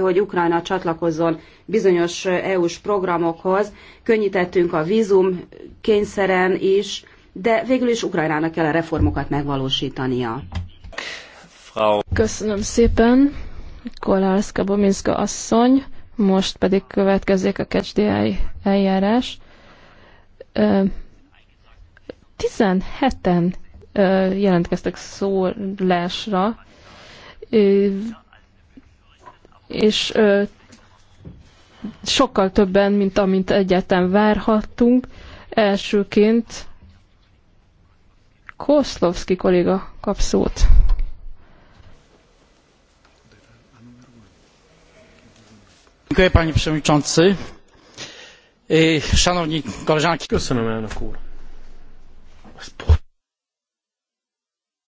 hogy Ukrajna csatlakozzon bizonyos EU-s programokhoz. Könnyítettünk a vízum kényszeren is, de végül is Ukrajnának kell a reformokat megvalósítania. Frau. Köszönöm szépen, Kolárszka Bominska asszony. Most pedig következik a KCDI eljárás. 17-en jelentkeztek szólásra és ö, sokkal többen, mint amint egyáltalán várhattunk. Elsőként Koszlovski kolléga kap szót. E, Köszönöm, elnök úr.